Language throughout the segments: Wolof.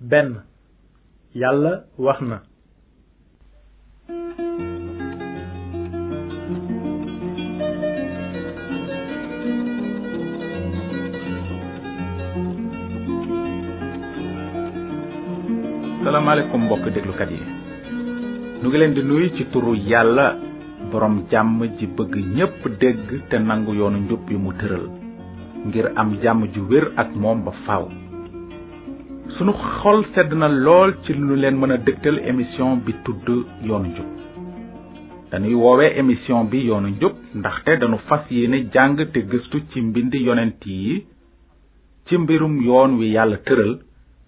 benn yàlla wax na salaamaaleykum mbokk déglukat yi nu ngi leen di nuyu ci turu yàlla borom jàmm ji bëgg ñépp dégg te nangu yoonu njub yi mu tëral ngir am jàmm ju wér ak moom ba faaw sunu xol sedd na lool ci lu leen mën a dëgtal émission bi tudd yoonu njub dañuy woowee émission bi yoonu njub ndaxte dañu fas yéene jàng te gëstu ci mbind yonent yi ci mbirum yoon wi yàlla tëral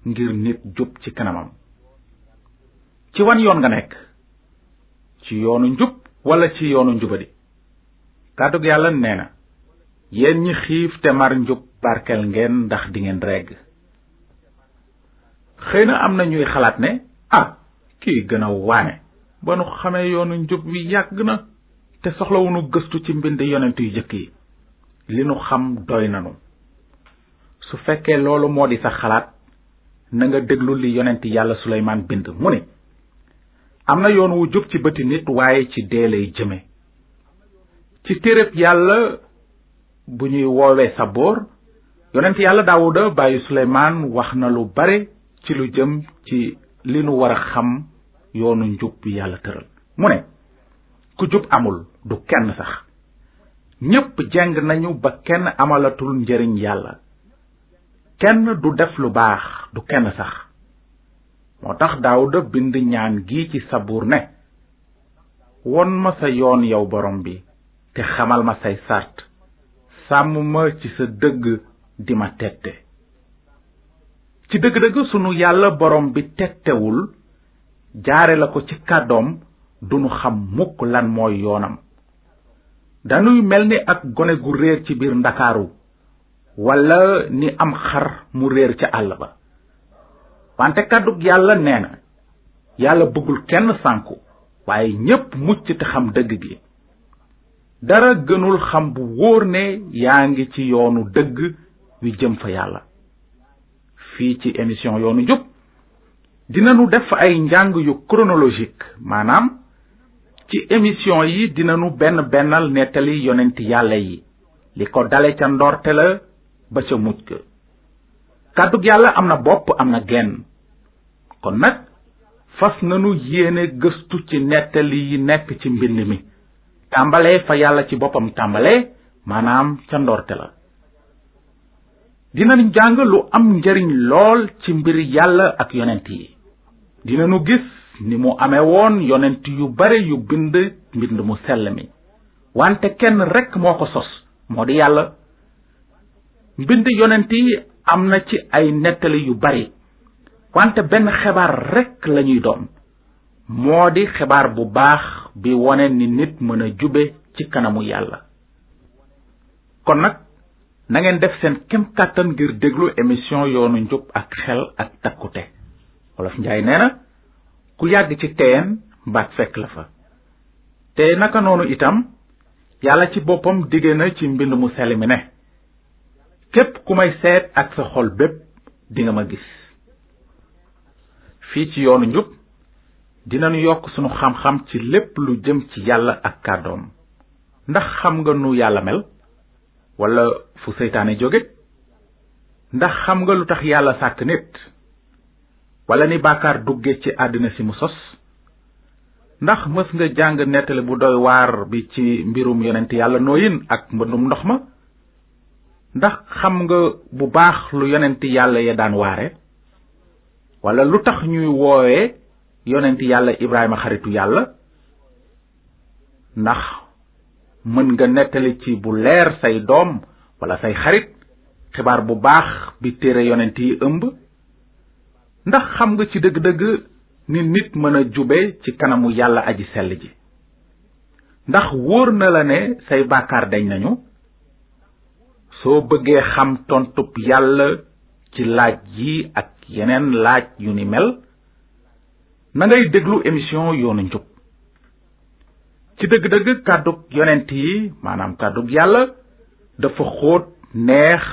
ngir nit jub ci kanamam ci wan yoon nga nekk ci yoonu njub wala ci yoonu njubadi kàddug yàlla nee na yéen ñi xiif te mar njub barkel ngeen ndax di ngeen regg xëy na am na ñuy xalaat ne ah kii gën a waane ba nu xamee yoonu njub wi yàgg na te soxlawuñu gëstu ci mbind yonent yu jëkk yi li nu xam doy nanu su fekkee loolu moo di sa xalaat na nga déglu li yonent yàlla suleymaan bind mu ne am na yoon wu jub ci bëti nit waaye ci dee lay jëme ci téréb yàlla bu ñuy woowee sa boor yonent yàlla daawuda bàyyi suleymaan wax na lu bare ci lu jëm ci li nu war xam yoonu njub yàlla tëral mu ne ku jub amul du kenn sax ñépp jeng nañu ba kenn amalatul njëriñ yàlla kenn du def lu baax du kenn sax moo tax daawuda bind ñaan gi ci sabuur ne won ma sa yoon yow borom bi te xamal ma say sart sàmm ma ci sa dëgg di ma tette ci dëgg-dëgg sunu yàlla borom bi tettewul jaare la ko ci kàddoom du nu xam mukk lan mooy yoonam danuy mel ni ak gone gu réer ci biir ndakaaru walla ni am xar mu réer ca àll ba wante kàddug yàlla nee na yàlla bëggul kenn sànku waaye ñépp mucc te xam dëgg gi dara gënul xam bu wóor ne yaa ngi ci yoonu dëgg wi jëm fa yàlla fii ci émission yoonu jub dinanu def ay njàng yu chronologique maanaam ci émission yi dinanu benn bennal nettali yonent yàlla yi li ko dale ca ndorte la ba ca mujj ka kàddug yàlla am na bopp am na genn kon nag fas nanu yéene gëstu ci nettali yi nekk ci mbind mi tàmbalee fa yàlla ci boppam tàmbalee maanaam ca ndorte la dinañ jàng lu am njariñ lool ci mbir yàlla ak yonent yi dinañu gis ni mu amee woon yonent yu bare yu bind mbind mu sell mi wante kenn rekk moo ko sos moo di yàlla mbind yonent yi am na ci ay nettali yu bare wante benn xibaar rekk lañuy doon moo di xibaar bu baax bi wone ni nit mën a jube ci kanamu yàlla kon nag nangeen def seen kem kàttan ngir déglu émission yoonu njub ak xel ak takkute wolof njaay nee na ku yàgg ci teen mbaat fekk la fa te naka noonu itam yàlla ci boppam digge na ci mbind mu sell mi ne képp ku may seet ak sa xol bépp dinga ma gis fii ci yoonu njub dinañu yokk sunu xam-xam ci lépp lu jëm ci yàlla ak kàddoom ndax xam nga nu yàlla mel wala fu seytaane jóge ndax xam nga lu tax yàlla sàkk nit wala ni bàkkaar dugge ci àddina si mu sos ndax mës nga jàng nettali bu doy waar bi ci mbirum yonent yàlla nooyin ak mbëndum ndox ma ndax xam nga bu baax lu yonent yàlla ya daan waare wala lu tax ñuy woowe yonent yàlla ibrahima xaritu yàlla ndax mën nga nettali ci bu leer say doom wala say xarit xibaar bu baax bi téere yonent yi ëmb ndax xam nga ci dëgg-dëgg ni nit mën a jube ci kanamu yàlla aji sell ji ndax wóor na la ne say bàkkaar dañ nañu soo bëggee xam tontub yàlla ci laaj yi ak yeneen laaj yu ni mel na ngay déglu émission yoonu njub ci dëgg-dëgg kàddug yonent yi maanaam kàddug yàlla dafa xóot neex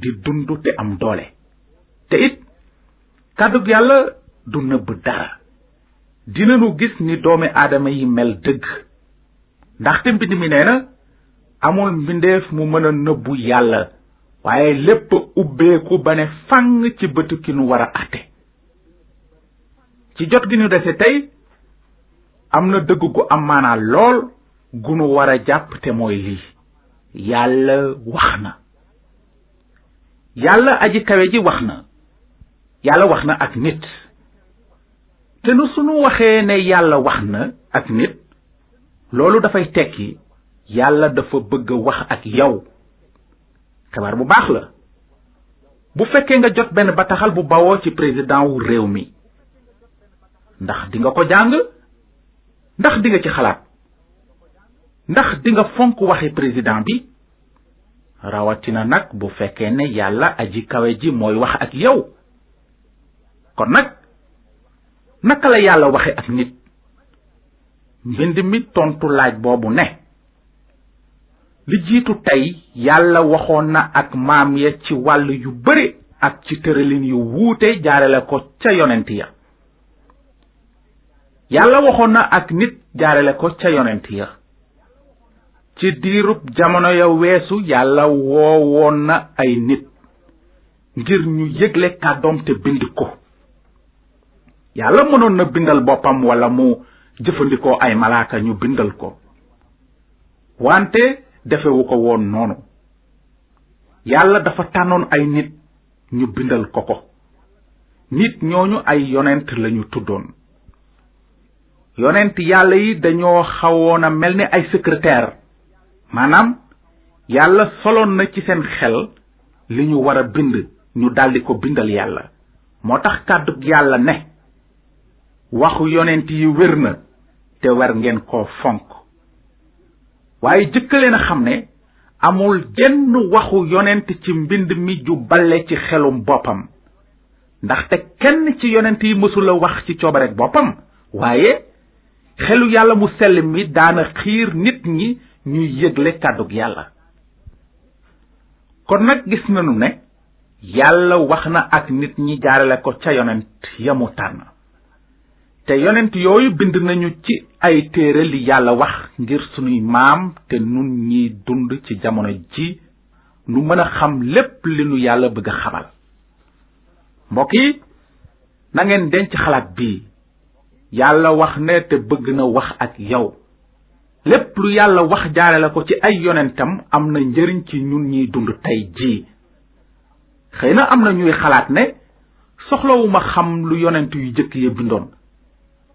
di dund te am doole te it kàddug yàlla du nëbb dara dinañu gis ni doomi aadama yi mel dëgg ndaxte mbind mi nee na amul mbindeef mu mën a nëbbu yàlla waaye lépp ubbeeku ba ne fànn ci bëtu war a àtte ci jot gi ñu dese tey am na dëgg gu am maanaa lool gu nu war a jàpp te mooy lii yàlla wax na yàlla aji kawe ji wax na yàlla wax na ak nit te nu sunu waxee ne yàlla wax na ak nit loolu dafay tekki yàlla dafa bëgg a wax ak yow xabaar bu baax la bu fekkee nga jot benn bataxal bu bawoo ci président wu réew mi ndax dinga ko jàng ndax dinga ci xalaat ndax dinga nga fonk waxi président bi rawatina nag bu fekkee ne yàlla aji kawe ji mooy wax ak yow kon nag naka la yàlla waxe ak nit mbind mi tontu laaj boobu ne li jiitu tey yàlla waxoon na ak maam ya ci wàll yu bare ak ci tëralin yu wuute jaarale ko ca yonent ya yàlla waxoon na ak nit jaarale ko ca yonent ya ci diirub jamono ya weesu yàlla woowoon na ay nit ngir ñu yëgle kàddoom te bind ko yàlla mënoon na bindal boppam walla mu jëfandikoo ay malaaka ñu bindal ko wante defewu ko woon noonu yàlla dafa tànnoon ay nit ñu bindal ko ko nit ñooñu ay yonent lañu tuddoon yonent yàlla yi dañoo xawoon a mel ni ay secrétaire maanaam yàlla soloon na ci seen xel li ñu war a bind ñu daldi ko bindal yàlla moo tax kàddug yàlla ne waxu yonent yi wér na te war ngeen koo fonk waaye jëkkaleen a xam ne amul jenn waxu yonent ci mbind mi ju bale ci xelum boppam ndax te kenn ci yonent yi mësula wax ci coobarek boppam waaye xelu yàlla mu sell mi daana xiir nit ñi ñuy yëgle kàddug yàlla kon nag gis nanu ne yàlla wax na ak nit ñi jaarale ko ca yonent ya mu tànn te yonent yooyu bind nañu ci ay téere li yàlla wax ngir sunuy maam te nun ñiy dund ci jamono ji nu mën a xam lépp li nu yàlla bëgg a xamal mbokk yi na denc xalaat bii yàlla wax ne te bëgg na wax ak yow lépp lu yàlla wax jaare la ko ci ay yonentam am na njëriñ ci ñu ñiy dund tey jii xëy na am na ñuy xalaat ne soxlawuma xam lu yonent yu jëkk ya bindoon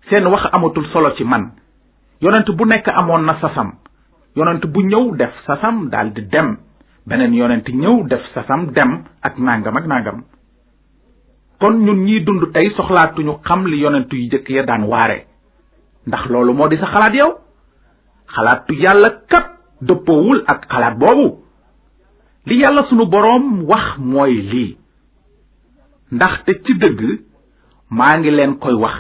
seen wax amatul solo ci man yonent bu nekk amoon na sasam yonent bu ñëw def sasam daldi dem beneen yonent ñëw def sasam dem ak nangam ak nangam kon ñun ñiy dund tey soxlaatuñu xam li yonent yu jëkk ya daan waare ndax loolu moo di sa xalaat yow xalaatu yàlla kat dëppoowul ak xalaat boobu li yàlla sunu boroom wax mooy lii ndaxte ci dëgg maa ngi leen koy wax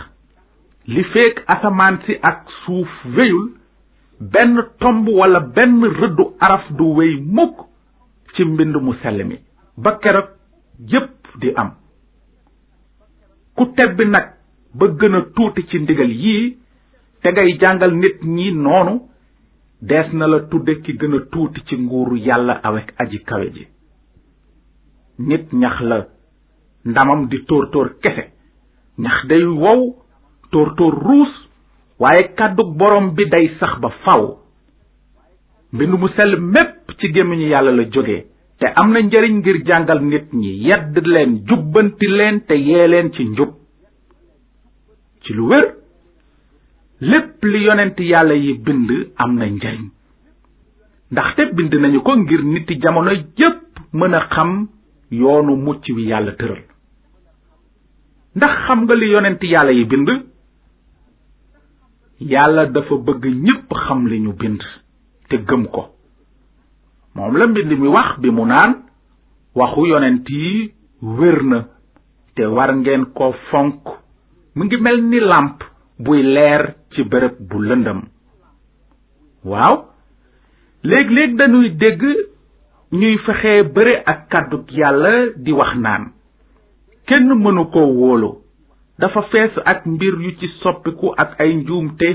li feek asamaan si ak suuf weyul benn tomb walla benn rëddu araf du wey mukk ci mbind mu sell mi ba keroog yépp di am ku tebbi nag ba gëna tuuti ci ndigal yii te ngay jàngal nit ñi noonu dees na la tudde ki gën tuuti ci nguuru yàlla awek aji kawe ji nit ñax la ndamam di tóor tóor kese ñax day wow tóor tóor ruus waaye kàddu borom bi day sax ba faw mbind mu sell mépp ci gémmiñu yàlla la jóge te am na njariñ ngir jàngal nit ñi yedd leen jubbanti leen te yee leen ci njub ci lu wér lépp li yonent yàlla yi bind am na njariñ ndaxte bind nañu ko ngir niti jamono yépp mën a xam yoonu mucc wi yàlla tëral ndax xam nga li yonent yàlla yi bind yàlla dafa bëgg ñépp xam li ñu bind te gëm ko moom la mbind mi wax bi mu naan waxu yonent yi wér na te war ngeen ko fonk mu ngi mel ni làmp buy leer ci bërëb bu lëndëm waaw léeg-léeg dañuy dégg ñuy fexe bëre ak kàddug yàlla di wax naan kenn mënu ko wóolu dafa fees ak mbir yu ci soppiku ak ay njuumte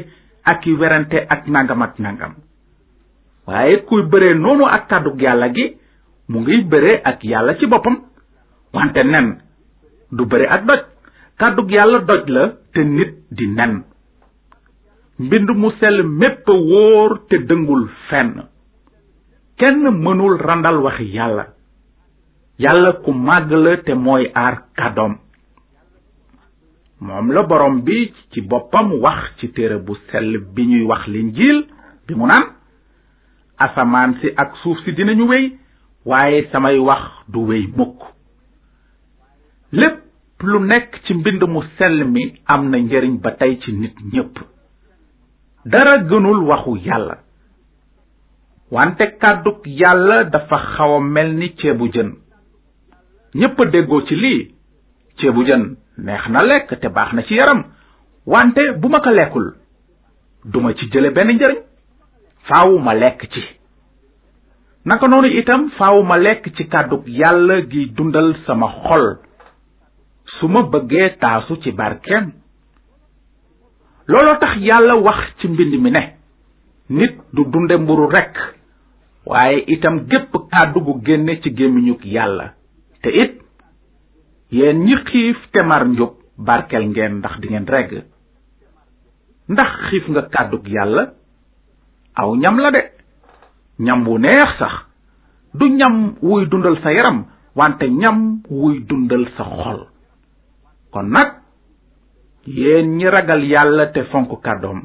ak i werante ak nangam ak nangam waaye kuy bëree noonu ak kàddug yàlla gi mu ngi bëree ak yàlla ci boppam wante nen du bëre ak doj kàddug yàlla doj la te nit di nen mbind mu sell mépp a wóor te dëngul fenn kenn mënul randal waxi yàlla yàlla ku màgg la te mooy aar kàddoom moom la borom bi ci boppam wax ci téere bu sell bi ñuy wax linjiil bi mu naan asamaan si ak suuf si dinañu wéy waaye samay wax du wéy mukk lépp lu nekk ci mbind mu sel mi am na njariñ ba tey ci nit ñépp dara gënul waxu yàlla wante kàddug yàlla dafa xaw a mel ni ceebu jën ñépp déggoo ci lii ceebu jën neex na lekk te baax na ci yaram wante bu ma ko lekkul duma ci jële benn njariñ faaw noonu itam faaw ma lekk ci kàddug yàlla gi dundal sama xol su ma bëggee taasu ci barkeem looloo tax yàlla wax ci mbind mi ne nit du dunde mburu rekk waaye itam gépp kàddu gu génne ci gémmiñug yàlla te it yéen ñi xiif te mar njub barkel ngeen ndax dingeen ngeen regg ndax xiif nga kàddug yàlla aw ñam la de ñam wu neex sax du ñam wuy dundal sa yaram wante ñam wuy dundal sa xol kon nag yéen ñi ragal yàlla te fonk kàddoom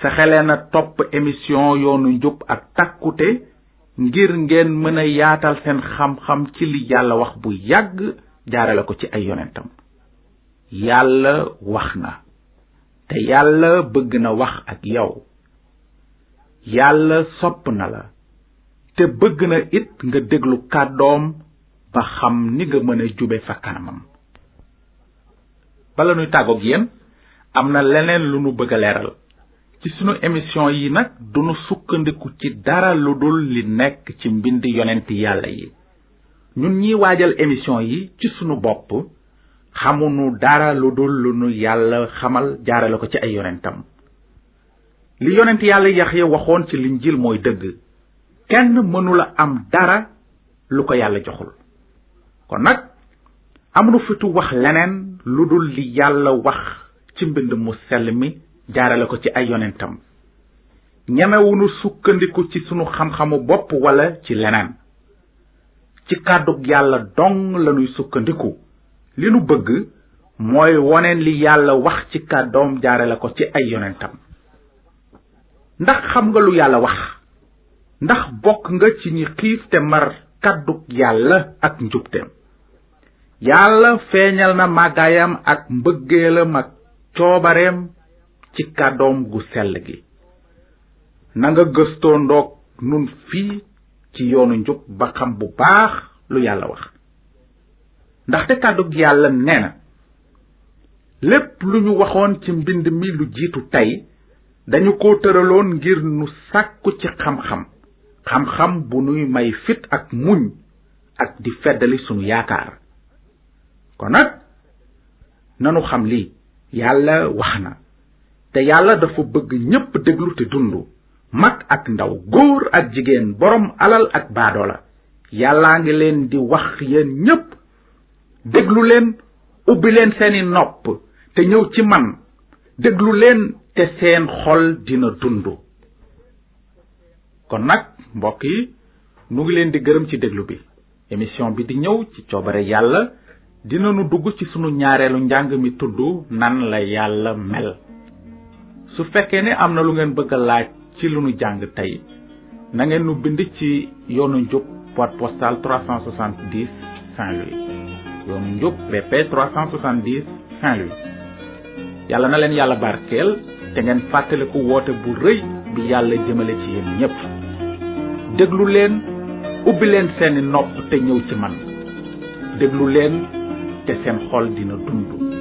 fexele na topp émission yoonu njub ak takkute ngir ngeen mën a yaatal seen xam-xam ci li yàlla wax bu yàgg jaarale ko ci ay yonentam yàlla wax na te yàlla bëgg na wax ak yow yàlla sopp na la te bëgg na it nga déglu kàddoom ba xam ni nga mën a jube fa kanamam bala nuy tàggoog yéen am na leneen lu nu bëgg a leeral ci sunu émission yi nag dunu sukkandiku ci dara lu dul li nekk ci mbind yonent yàlla yi ñun ñiy waajal émission yi ci sunu bopp xamunu dara lu dul lu nu yàlla xamal jaarale ko ci ay yonentam li yonent yàlla yaxya waxoon ci linjiil mooy dëgg kenn mënula am dara lu ko yàlla joxul kon nag amunu fitu wax leneen lu dul li yàlla wax ci mbind mu sell mi jaarale ko ci ay yonentam nu sukkandiku ci sunu xamxamu bopp wala ci leneen ci kàddug yàlla dong lanuy sukkandiku li nu bëgg mooy woneen li yàlla wax ci kàddoom jaarale ko ci ay yonentam ndax xam nga lu yàlla wax ndax bokk nga ci ñi xiif te mar kàddug yàlla ak njubteem yàlla feeñal na màggaayam ak mbëggeelam ak coobareem ci kàddoom gu sell gi nanga gëstoo ndoog nun fii ci yoonu njub ba xam bu baax lu yàlla wax ndaxte kàddug yàlla nee na lépp lu ñu waxoon ci mbind mi lu jiitu tey dañu ko tëraloon ngir nu sàkku ci xam-xam bu nuy may fit ak muñ ak di feddali sunu yaakaar kon nag nanu xam lii yàlla wax na te yàlla dafa bëgg ñépp déglu te dund mag ak ndaw góor ak jigéen boroom alal ak baadoola yàllaa ngi leen di wax yéen ñépp déglu leen ubbi leen seeni nopp te ñëw ci man déglu leen te seen xol dina dund kon nag mbokk yi nu ngi leen di gërëm ci déglu bi émission bi di ñëw ci coobare yàlla dina nu dugg ci sunu ñaareelu njàng mi tudd nan la yàlla mel su fekkee ne am na lu ngeen bëgg a laaj ci lu nu jàng tey na ngeen nu bind ci yoonu njub boîte postale 370 Saint Louis yoonu njub BP 370 Saint Louis yàlla na leen yàlla barkeel te ngeen fàttaliku woote bu rëy bi yàlla jëmale ci yéen ñépp déglu leen ubbi leen seeni nopp te ñëw ci man déglu leen te seen xol dina dund